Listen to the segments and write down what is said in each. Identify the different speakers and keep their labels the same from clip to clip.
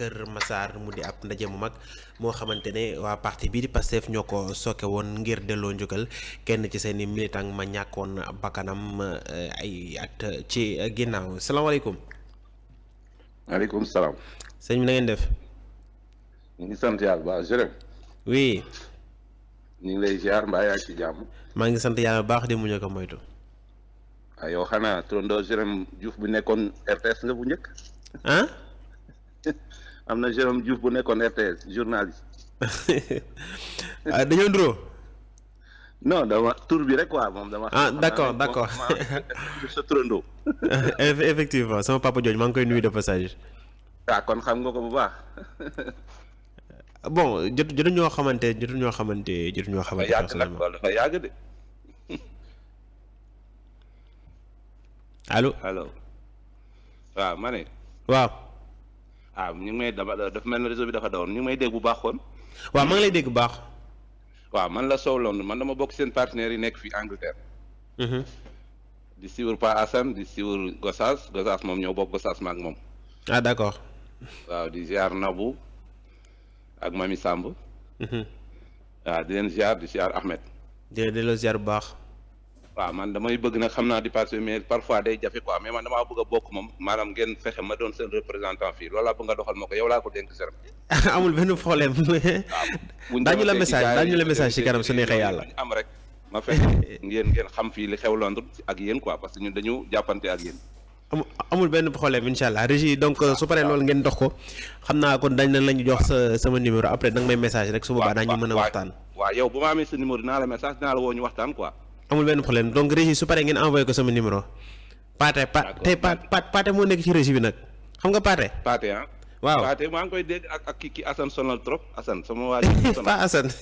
Speaker 1: Kër Massar mu di ab ndaje mu mag moo xamante ne waa parti bii di Pastef ñoo ko sooke woon ngir delloo njukkal kenn ci seen i militant ma ñàkkoon bakkanam eh, ay at ci ginnaaw salaamaaleykum.
Speaker 2: maaleykum salaam. sëñ bi na ngeen ngi lay ziar mbaa yaa
Speaker 1: maa ngi sant yàlla baax di muñ ko moytu.
Speaker 2: waaw yow xanaa turandoo Jérôme Diouf bu nekkoon RTS nga bu njëkk. ah. am na Jérôme Diouf bu nekkoon RTS journaliste. Ah, dañoo nduroo. non dama tur bi rek quoi moom dama. ah d'accord d'accord sa turandoo.
Speaker 1: effectivement sama papa jooju maa ngi koy nuyu de passage.
Speaker 2: ah kon xam nga ko bu baax.
Speaker 1: bon jot jotu ñoo xamante jotu ñoo xamante jotu
Speaker 2: ñoo xamante. dafa yàgg de. allo allo. waaw ma ne. waaw. ah ñu ngi may dama dafa mel na réseau bi dafa dawoon ñu may dégg bu baax kon.
Speaker 1: waaw maa ngi lay dégg bu baax.
Speaker 2: waaw man la Sow Londres man dama bokk seen partenaires yi nekk fii Angleterre. Mm-hmm. di suivre Pa Assane di si suivre Gossas Gossas moom ñoo bokk Gossas maag moom. ah d'accord. waaw di ziar Nabou ak Mami Samb. Mm-hmm. waaw di leen ziar di ziar Ahmed.
Speaker 1: di leen ziar bu baax.
Speaker 2: waaw man damay bëgg nag xam naa di passé mais parfois day jafe quoi mais man damaa bëgg a bokk moom maanaam ngeen fexe ma doon seen représentant fii loolu laa bëgg nga doxal ma ko yow laa ko dénk serem amul la message daañu la message ci kanam su neexee yàlla am rek ma fii li xew Londres ak yéen quoi ko xam na
Speaker 1: la ñu jox sa bu
Speaker 2: ma amee sa numéro dinaa la message dinaa la woo ñu waxtaan quoi
Speaker 1: amul benn leen donc régie su paree ngeen envoyé ko sama numéro. Paate pa tey Paate moo nekk ci régie bi nag xam nga Paate. Paate
Speaker 2: ah. waaw Paate maa ngi koy dégg ak ak kii Assane sonal trop Assane sama waa ji. sonal pas
Speaker 1: Assane.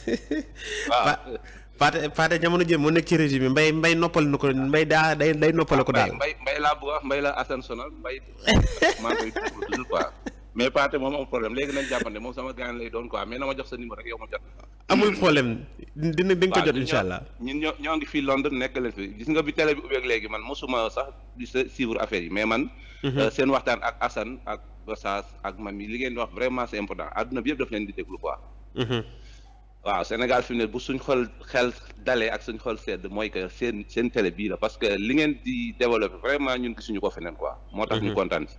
Speaker 1: waaw jamono jëm moo nekk ci régie bi mbay mbay noppal na ko mbay daa day day noppal ko daal.
Speaker 2: mbay mbay laa bu mbay laa Assane sonal mbay mais Pathé moom am problème léegi nañ jàppante moom sama gaañ lay doon quoi mais na ma jox sa numéro rek yow ma jot.
Speaker 1: amul problème dina ko jot incha allah.
Speaker 2: ñun ñoo ñoo ngi fii Londres nekkale fi gis nga bi tele bi ubbeeg léegi man mosuma sax di suivre affaire yi mais man. Mhm. Euh, seen waxtaan ak Assane ak Bassas ak man Mami li ngeen di wax vraiment c'est important adduna bi yëpp daf leen di déglu quoi. Mhm. waaw Sénégal fi ne bu suñ xol xel dalee ak suñ xol sedd mooy que seen seen télé bii la parce que li ngeen di vraiment ñun gisuñu ko feneen quoi. moo tax ñu mhm. kontaan ci.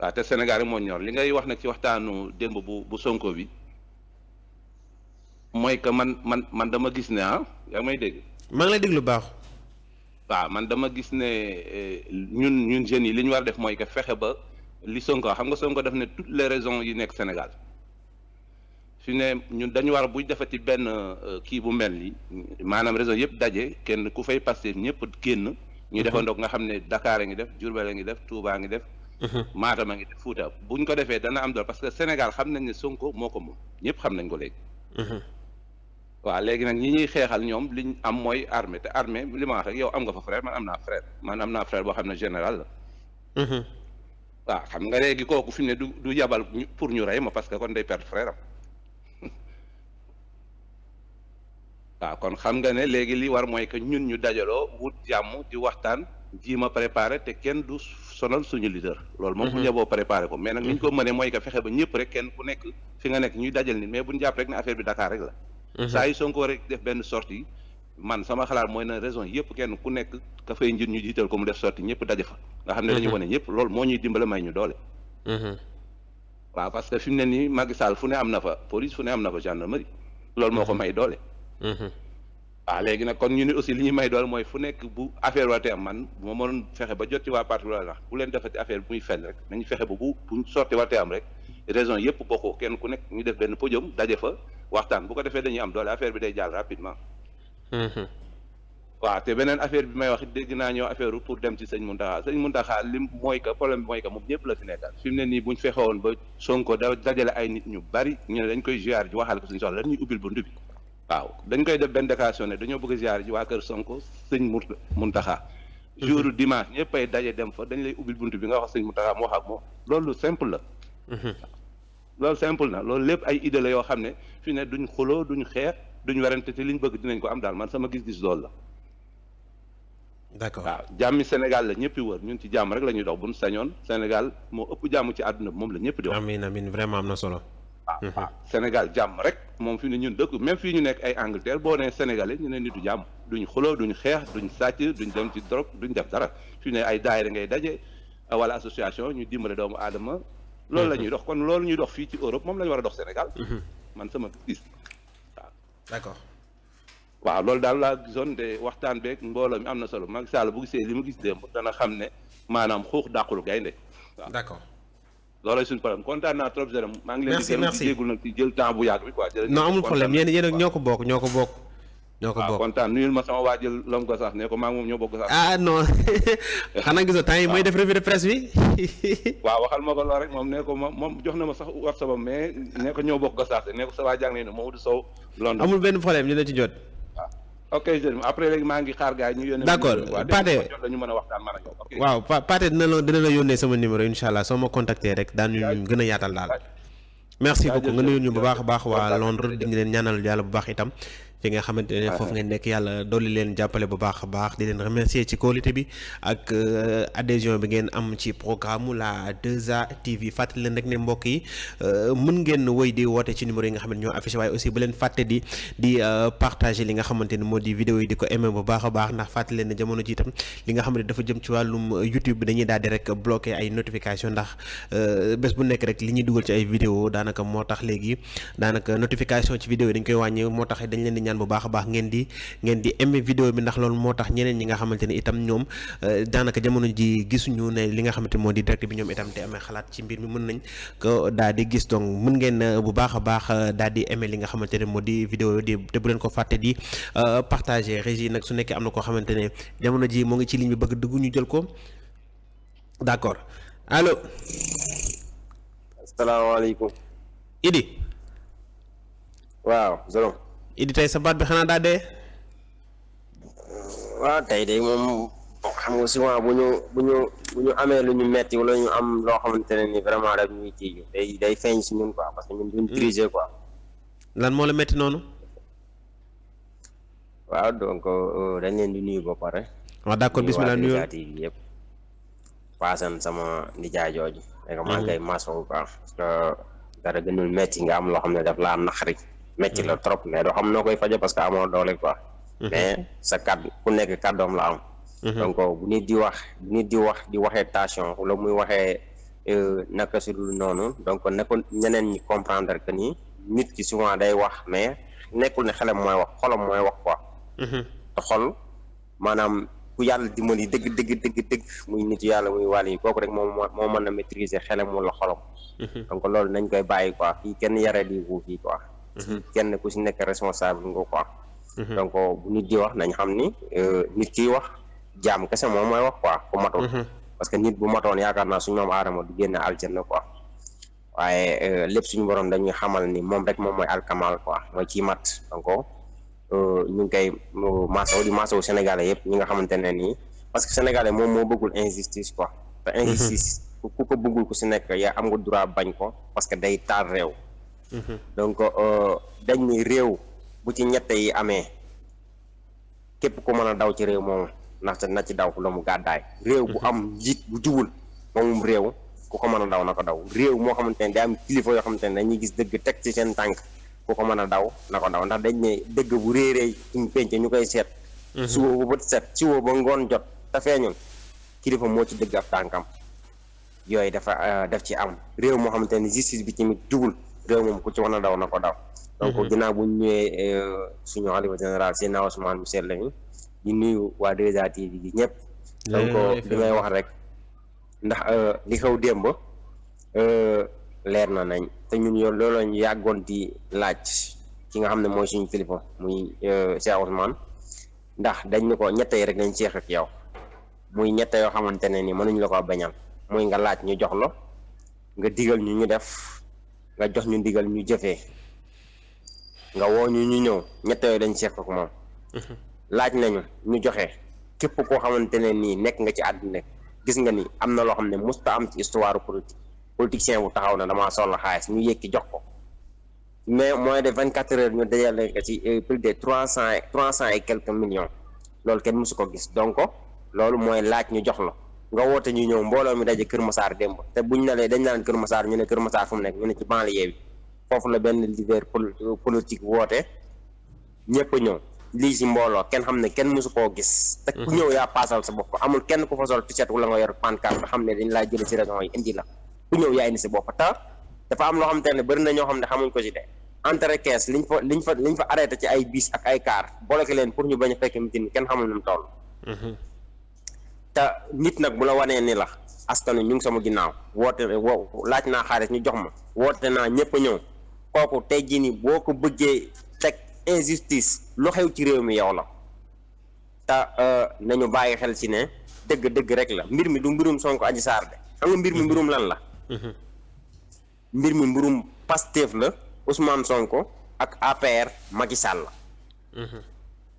Speaker 2: waaw te Sénégal rek moo ñor li ngay wax nag ci waxtaanu démb bu bu Sonko bi mooy que man man man dama gis ne ah yaa may dégg.
Speaker 1: maa ngi dégg lu baax.
Speaker 2: waaw man dama gis ne eh, ñun ñun jeunes yi li ñu war a def mooy que fexe ba li Sonko xam nga Sonko def ne toutes les raisons yi nekk Sénégal fi ne ñun dañu war buy defati benn euh, kii bu mel ni maanaam raison yëpp daje kenn ku fay passé ñëpp génn. ñu mhm. defandoog nga xam ne Dakar a ngi def Diourbel a ngi def Touba a ngi def. Matam mhm. a ngi def Fuuta buñ ko defee dana am doole parce que Sénégal xam nañ ne Sonko moo ko moom ñëpp xam nañ ko léegi. Mhm. waaw léegi nag ñi ñuy xeexal ñoom liñ am mooy armée te armée li yow am nga fa frère man am naa frère man am naa boo xam ne général la. Mhm. waaw xam nga léegi kooku fi mu ne du du yabal pour ñu rey ma parce que kon day perdre frère am. waaw kon xam nga ne léegi li war mooy que ñun ñu dajaloo wut jàmm di waxtaan ji ma préparé te kenn du sonal suñu leader. loolu moom bu ñu mhm. boo préparé ko mais nag ni ñu ko mhm. mënee mooy que fexe ba ñëpp rek kenn ku nekk fi nga nekk ñuy dajal nit mais bu ñu jàpp rek ne affaire bi Dakar rek la. Mhm. saa yi Sonko rek def benn sortie man sama xalaat mooy na raison yëpp kenn ku nekk ka fay njir ñu jiital ko mu def sortie ñëpp daje fa. nga xam ne dañu wane ñëpp lool moo ñuy dimbale may ñu doole. waaw parce que fi mu ne nii Macky Sall fu ne am na fa police fu ne am na fa gendarmerie. loolu moo ko may doole. waaw ah, léegi na kon ñu ni aussi li ñu may dool mooy fu nekk bu affaire waatee am man bu ma mënoon fexe ba jot ci waa parti loolu bu leen defati affaire bu muy fenn rek fexe ba bu bu sorti waatee am rek raison yëpp bokkoo kenn ku nekk ñu def benn podium daje fa waxtaan bu ko defee dañuy am doole affaire bi day jàll rapidement. Mhm. waaw te beneen affaire bi may wax dégg naa ñoo pour dem ci sëñ Mountakha sëñ Mountakha lim mooy que problème bi mooy que moom ñëpp la fi nekkal fi ne nii buñ fexe woon ba Sonko da dajale ay nit ñu bari ñu ne dañ koy ziar ji waxal ko si suñu soxla dañuy ubbil bunt bi waaw dañ koy def benn déclaration ne dañoo bëgg a ji waa kër Sonko sëñ Mountakha. Mhm. jour dimanche ñëppay daje dem fa dañ lay ubbil buntu bi nga wax sëñ Mountakha mu wax ak moom loolu simple la. Mhm. loolu simple na loolu lépp ay idée la yoo xam ne fi ne duñ xuloo duñ xeex duñ werante te liñ bëgg dinañ ko am daal man sama gis-gis loolu la. d'accord waaw jàmmi Sénégal la ñëpp wër ñun ci jàmm rek la ñuy dox bu mu sañoon Sénégal moo ëpp jàmm ci àdduna bi moom la ñëpp di
Speaker 1: wax. amiin amiin vraiment am na
Speaker 2: paa mhm. Sénégal jàmm rek moom fi ne ñun dëkk même fii ñu nekk ay Angleterre boo nee Sénégalais ñu ne nitu jàmm duñ xuloo duñ xeex duñ sàcc duñ dem ci drogue duñ def dara fi ne ay daayira ngay daje wala association ñu dimbale doomu aadama loolu la mhm. ñuy dox kon loolu ñuy dox fii ci Europe moom lañu ñu war a dox Sénégal mhm. man sama gis waaw d'accord waaw loolu daal la gisoon de waxtaan beeg mbooloo mi am na solo Macky Sall bu gisee li mu gis démb dana xam ne maanaam xuux dàqul gaynde waaw loolay suñu problème kontaan naa trop Jérôme. maa ngi leen di gërëm di jégalu nag ci jël temps bu yàgg bi ñoo ko bokk ñoo ko bokk. ñoo ko bokk waaw ma sama waa jël lom ko sax ko maa ngi moom ñoo bokk sax. ah non yi mooy def revue de waaw waxal ma ko lool moom ne ko moom moom jox na ma sax WhatsApp am mais ne ko bokk ko sax ne ko sa waa jàng ne Mamadou Sow. London amul
Speaker 1: benn problème ñu la ci jot.
Speaker 2: ok jërëjëf après léegi maa ngi xaar gars yi ñu yónnee. d' accord Pathé ñu mën a waxtaan man ak
Speaker 1: yow. waaw Pathé dina la dina la yónnee sama numéro incha allah soo ma contacter rek daan ñu gën a yaatal daal. merci beaucoup nga nuyu ñu bu baax a baax waa Londres di leen ñaanal yàlla bu baax itam ci nga xamante ne foofu ah, ngeen ah. nekk yàlla dolli leen jàppale bu baax a baax di leen remercier ci qualité bi ak euh, adhésion bi ngeen am ci programme la TV fàttali leen rek ne mbokk yi euh, mën ngeen woy di woote ci numéro yi nga xam ne ñoo affiché waaye aussi bu leen fàtte di di euh, partager li nga xamante ni moo di vidéo yi di ko aimé bu baax baax ndax fàttali leen ne jamono ji itam li nga xam ne dafa jëm ci wàllum YouTube bi dañuy daal di rek bloqué ay notification ndax bés bu nekk rek li ñuy dugal ci ay vidéo daanaka moo tax léegi daanaka ñaan bu baax a baax ngeen di ngeen di aimé vidéo bi ndax loolu moo tax ñeneen ñi nga xamante ne itam ñoom euh, daanaka jamono ji gisuñu ne li nga xamante moo di direct bi ñoom itam te amee xalaat ci mbir mi mën nañ ko daal di gis donc mën ngeen euh, bu baax a baax euh, daal di aimé li nga xamante ne moo di vidéo di leen ko fàtte di partager régie nag su nekkee am na koo xamante ne jamono ji moo ngi ci ligne bi bëgg dugg ñu jël ko d'accord
Speaker 3: allo. asalaamaaleykum. Idi. waaw.
Speaker 1: Idi tey sa baat bi xanaa daa dee.
Speaker 3: waaw tey de moom xam nga souvent bu ñu bu ñu bu ñu amee lu ñu metti wala ñu am loo xam ne ni vraiment daf ñuy tiiju day day feeñ si ñun quoi parce que ñun duñ hmm. lan moo la metti waaw donc euh, dañ leen di nuyu ba pare.
Speaker 1: waaw d'accord bismillah nuyu
Speaker 3: yëpp. paasan sama nijaay jooju. rek hmm. maa ngi koy masawu quoi parce que dara gënul metti nga am loo xam ne daf laa naqari. metti la mm-hmm. trop mais doo xam noo koy faje parce que amoo doole quoi mm-hmm. mais sa kàddu ku nekk kàddoom la am mm-hmm. donc euh, bu nit di wax di waxee tension wala muy waxee euh, naka su dul noonu donc na ko ñi comprendre que ni nit ki souvent day wax mais nekkul ne xelam mooy wax xolam mooy wax quoi te xol maanaam ku yàlla dimbali dëgg dëgg dëgg dëgg muy nit yàlla muy wàll yi kooku rek moom moo mën a maîtriser xelam wala xolam donc loolu nañ koy bàyyi quoi fii kenn yare di fii quoi Mhm. kenn ku si nekk responsable nga ko mhm. donc bu nit di wax nañ xam ni euh, nit kiy wax jaam kese moom mooy wax quoi ku matul mhm. parce que nit bu matoon yaakaar naa suñu moom aadama du génn aljanna quoi waaye euh, lépp suñu borom dañuy xamal ni moom rek moom mooy alkamal quoi mooy ci mat donc euh, ñu ngi koy maasaw di maasaw sénégalais yëpp ñi nga xamante ne nii parce que sénégalais moom moo bëggul injustice quoi te injustice ku ko bëggul ku si nekk yaa am nga droit bañ ko parce que day taal réew donc euh, dañ ni réew bu ci ñett yi amee képp ku mën a daw ci réew moomu ndaxte na ci daw la mu gàddaay réew bu mhm. am njiit bu jubul moomum réew ku ko mën a daw na ko daw réew moo xamante ne day am kilifa yoo xamante ne dañuy gis dëgg teg ci seen tànk ku ko mën a daw na ko ndax dañ ne dëgg bu réeree suñ penc ñu koy seet mhm. suba ba bët ngoon jot te feeñul kilifa moo ci dëgg ab tànkam yooyu dafa euh, daf ci am réew moo xamante ne justice bi tamit jubul réew moom ku ci mën a daw na ko daw donc mhm. ginnaaw bu ñu euh, suñu xalifa général Seydina Ousmane mu seet lañu nuyu waa 2A TV gi ñëpp donc li may wax rek ndax euh, li xew démb euh, leer na nañ te ñun yoon loolu lañu yàggoon di laaj ki nga xam ne mooy suñu kilifa muy Cheikh Ousmane ndax dañ ne ko ñette rek lañ seex ak yow muy ñette yoo xamante ne mën mënuñ la ko bañal muy nga laaj ñu jox la nga digal ñu ñu def nga jox ñu ndigal ñu jëfee nga woo ñu ñu ñëw ñett yooyu dañ seq ko moom. Mhm. laaj nañu ñu joxe képp koo xamante ne nii nekk nga ci àdduna gis nga ni am na loo xam ne musta am ci histoire politique politicien bu taxaw na damaa soxla xaalis ñu yëkki jox ko mais moins de vingt quatre heures ñu dajale ko ci euh, plus de trois cent trois cent e quelques millions loolu kenn mësu ko gis donc loolu mooy laaj ñu jox la. nga woote ñu ñëw mbooloo mi daje Kër Masaar démb te buñ ne lee dañ naan Kër Masaar ñu ne Kër Masaar fu mu nekk ñu ne ci banlieue bi foofu la benn leader politique woote ñëpp ñëw lii si mbooloo kenn xam ne kenn mësu koo gis te ku mhm. ñëw yaa paasal sa bopp amul kenn ku fa sol t-shirt wala nga yor pancarte xam ne dañ laa jële si région yi indi la ku ñëw yaa indi si bopp te dafa am loo xam te ne bëri na ñoo xam ne xamuñ ko si de entre caisse liñ fa liñ fa ci ay bis ak ay car leen pour ñu bañ a fekk kenn xamul nu
Speaker 4: mu
Speaker 3: te nit nag bu la wanee ni la askanu ñu ngi sama ginnaaw woote wo laaj naa xaalis ñu jox ma woote naa ñëpp a ñëw kooku tey jii nii boo ko bëggee teg injustice lu xew ci réew mi yow la te euh, nañu bàyyi xel ci ne dëgg dëgg rek la mbir mi du mbirum Sonko Adji Sarr de xam nga mbir mi mbirum lan la mhm. mbir mi mbirum Pastef la Ousmane Sonko ak APR Macky Sall la mhm.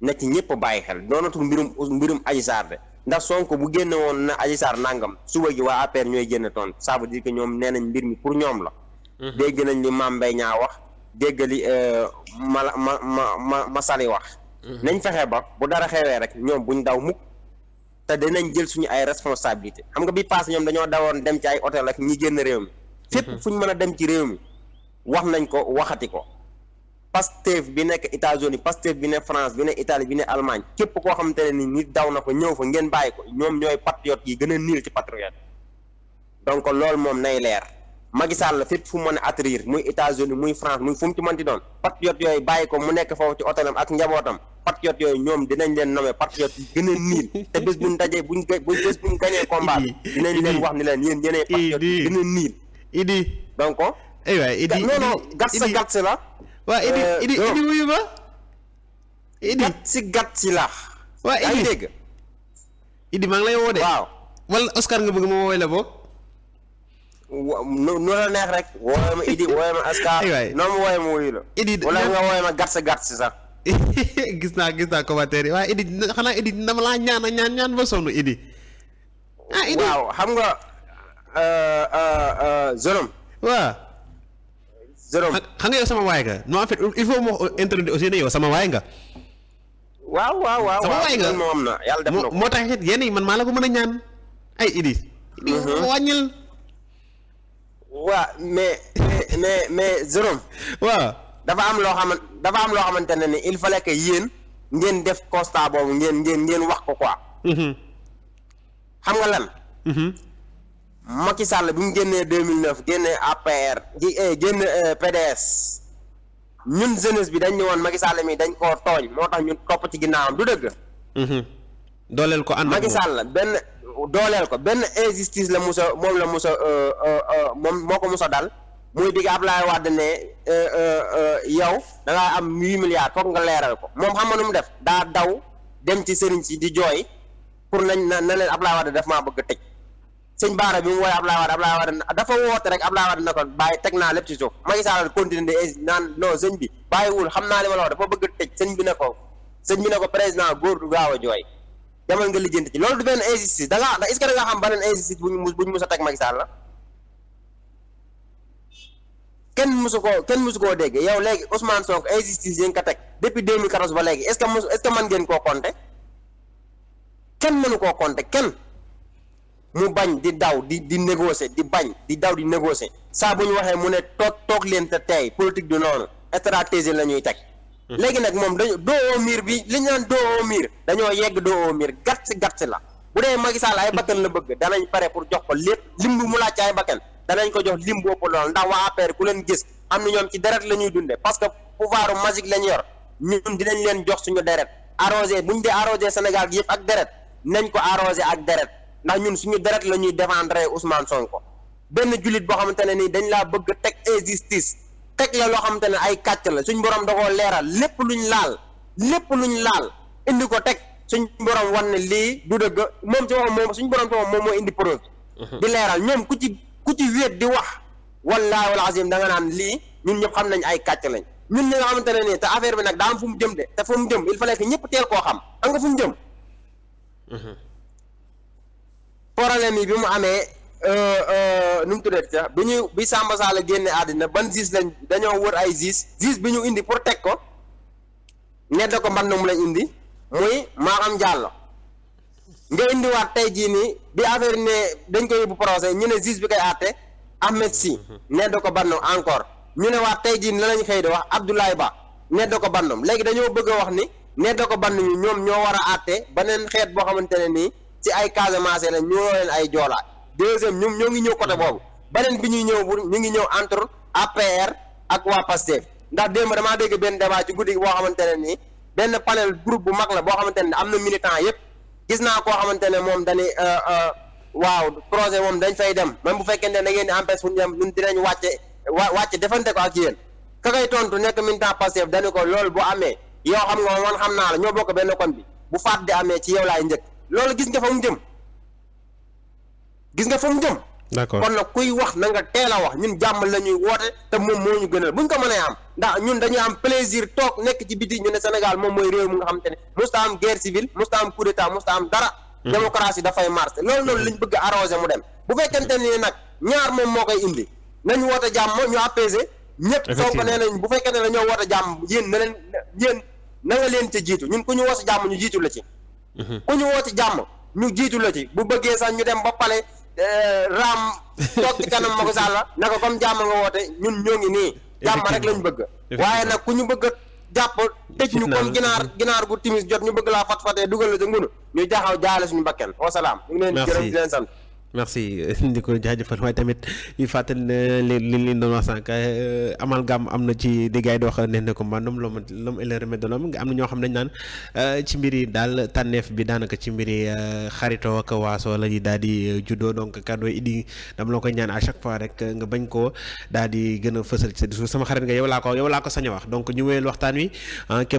Speaker 3: na ci ñëpp bàyyi xel doonatul mbirum mbirum Adji Sarr de ndax Sonko bu génne woon na ay Sarr nangam suba gi waa APR ñooy génn tontu ça veut dire que ñoom nee nañ mbir mi pour ñoom la. Mhm. dégg nañ li maam mbay Niang wax dégg li euh, ma ma ma ma ma Sali wax. Mhm. nañ fexe ba bu dara xewee rek ñoom buñ daw mukk te dinañ jël suñu ay responsabilité xam nga bi passé ñoom dañoo dawoon dem ci ay hôtel ak ñi génn réew mi. Mhm. fépp fu ñu mën a dem ci réew mi wax nañ ko waxati ko. Pastef bi nekk États-Unis Pastef bi ne France bi ne Italie bi ne Allemagne képp koo xamante ne ni nit daw na ko ñëw fa ngeen bàyyi ko ñoom ñooy patriote yi gën a niil ci patriote donc loolu moom nay leer Macky la fépp fu mu mën a atterrir muy États-Unis muy France muy fu mu ci mënti doon patriote yooyu bàyyi ko mu nekk foofu ci hôtelam ak njabootam patriote yooyu ñoom dinañ leen nommer patriote yi gën a niil te bés buñ dajee buñ buñ buñ gañee combat dinañ leen wax ni leen yéen yéenay a waa Idi euh, Idi Idi wuyu ma. Idi gàtt si gàtt waa Idi ngi lay woo de. waaw wala Oscar nga bëgg ma woowee la boog. wa nu la neex rek. woowee ma Idi woowee ma Oscar. aywaay ma woowee ma wuyu la. Idi
Speaker 1: naa gis naa commentaire yi waaye Idi xanaa Idi dama laa ñaan ñaan ñaan ba sonn Idi. ah Idi xam nga. Euh, euh, Zorom. waaw. Jérôme xam nga yow sama waay nga non en fait il faut mu internet aussi yow sama waay nga. waaw waaw waaw sama yàlla def moo tax it yéen man maa la ko mën a
Speaker 3: ñaan ay Idriss. di mhm. wàññil. am loo xamante dafa am loo xamante ne ni il fallait que yéen ngeen def constat boobu ngeen ngeen ngeen wax ko quoi. Mhm. xam nga lan. Mhm. Macky Sall bi mu génnee 2009 génnee APR gi eh, génn eh, PDS ñun jeunesse bi dañ ne woon Macky Sall mii dañ koo tooñ moo tax ñun topp ci ginnaaw ginnaawam du dëgg.
Speaker 1: Mm-hmm. dooleel ko ànd Macky Sall
Speaker 3: benn dooleel ko benn injustice la musa moom la musa euh, euh, euh, moom moo ko musa dal muy digg Ablaye Wade ne yow da am huit milliards foog nga leeral ko moom xam nga nu mu def daa daw dem ci sëriñ si di jooy pour nañ na na leen Ablaye Wade daf maa bëgg tëj. sëñ Baara bi mu woowee Abdoulaye Wade Abdoulaye Wade dafa woote rek Abdoulaye Wade na ko bàyyi teg naa lépp ci suuf Macky Sall continué di naan non sëñ bi bàyyiwul xam naa li ma la wax dafa bëgg tëj sëñ bi ne ko sëñ bi ne ko président góor du gaaw a jooy demal nga lijjanti ci loolu du benn injustice da nga est-ce que da nga xam beneen injustice bu ñu bu ñu mus a teg Macky Sall la kenn musu koo kenn musu koo dégg yow léegi Ousmane Sonko injustice yi nga ko teg depuis 2014 ba léegi est-ce que mus est-ce que mën ngeen koo compter kenn mënu koo compter kenn. mu bañ di daw di di négocier di bañ di daw di négocier saa bu ñu waxee mu ne toog toog leen te tey politique du noonu stratégie la ñuy teg. Hmm. léegi nag moom dañu doo miir bi li ñu naan doo miir dañoo yegg doo miir gàtt gàtt la bu dee Macky Sall ay bakkan la bëgg danañ pare pour jox ko lépp lim bu mu laaj ay bakkan danañ ko jox lim boobu lool ndax waa APR ku leen gis am na ñoom ci deret la ñuy dundee parce que pouvoiru magique la ñu yor ñun dinañ leen jox suñu deret arrosé bu dee arrosé Sénégal gi ak deret nañ ko arrosé ak deret. ndax ñun suñu deret la ñuy défendre Ousmane Sonko benn jullit boo xamante ne nii dañ laa bëgg teg injustice teg la loo xamante ne ay kàcc la suñ borom da koo leeral lépp luñ laal lépp luñ laal indi ko teg suñ borom wan ne lii du dëgg moom ci waxam moom suñ borom ci waxam moom moo indi preuve mhm. di leeral ñoom ku ci ku ci wéet di wax wallaahi wal azim da nga naan lii ñun ñëpp xam nañ ay kàcc lañ ñun li nga xamante ne nii te affaire bi nag daa am fu mu jëm de te fu mu jëm il fallait ñëpp teel koo xam xam nga fu mu jëm mhm. problème yi bi mu amee euh, euh, nu mu tuddee sax bi ñu bi Samba Sall génne àddina ban gis lañ dañoo wër ay gis gis bi ñu indi pour teg ko ñedda ko mbann mu lañ indi muy maa am Diallo nga indiwaat tey jii nii bi affaire ne dañ ko yóbbu procès ñu ne gis bi koy àtte Ahmed Sy mhm. ñedda ko bannum encore ñu ne waat tey jii nii lañu lañ xëy di wax Abdoulaye Ba ñedda ko bannum léegi dañoo bëgg a wax ni ñedda ko bann ñu ñoom ñoo war a àtte beneen xeet boo xamante ne nii ci ay Casamance la ñoo ay Joola deuxième ñoom ñoo ngi ñëw côté boobu beneen bi ñuy ñëw bu ñu ngi ñëw entre APR ak waa Pastef ndax démb damaa dégg benn débat ci guddi boo xamante ne nii benn panel groupe bu mag la boo xamante ne am na militant yëpp gis naa koo xamante ne moom dañuy euh, euh, waaw projet moom dañ fay dem même bu fekkente ne da ngeen di empêche fu ñu dem ñun dinañ wàcce wa wàcce defante ko ak yéen ka koy tontu nekk militant Pastef dañu ko loolu bu amee yow xam nga man xam naa la ñoo bokk benn kon bi bu faat di amee ci yow laay njëkk. loolu gis nga fa mu jëm gis nga fa mu jëm. d'accord kon nag kuy wax na nga teel a wax ñun jàmm la ñuy woote te moom moo ñu gënal bu ñu ko mënee am ndax ñun dañuy am plaisir toog nekk ci biti ñu ne senegal moom mooy réew mu nga xam te ne musta am guerre civile musta am coup d'état musta am dara. Hmm. démocratie dafay marché loolu noonu ñu bëgg a mu dem bu fekkente ni nag ñaar moom moo koy indi nañ woote jàmm ñu apaiser. ñëpp soo nee nañ bu fekkente ne dañoo woote jàmm yéen na leen na leen ca jiitu ñun ku ñu woote jàmm ñu jiitu la ci. Mm-hmm. ku ñu woo ci ñu jiitu la ci bu bëggee sax ñu dem ba pale eh, raam toog ci kanam Macky Sall la naka comme jàmm nga woote ñun ñoo ngi nii jàmm rek lañ bëgg waaye nag ku ñu bëgg jàpp tëj ñu comme ginaar ginaar gu timis jot ñu bëgg laa fat fatee dugal la ca ngunu ñu jaxaw jaale suñu bakken wasalaam ñu ngi leen sant
Speaker 1: merci di ko jaajëfal waaye tamit ñu fàttali ne li li ñu doon wax sànq euh, amalgame am na ci di gars yi di wax ne ne ko maanaam l'homme l'homme est le remède de l'homme am na ñoo xam ne dañ naan euh, ci mbir yi daal tànneef bi daanaka ci mbir yi euh, xaritoo ak waasoo la ñuy daal di juddoo donc kàddu idi dama la koy ñaan à chaque fois rek nga bañ koo daal di gën a fësal ci sa discours sama xarit nga yow laa ko yow laa ko sañ wax donc ñu waxtaan wi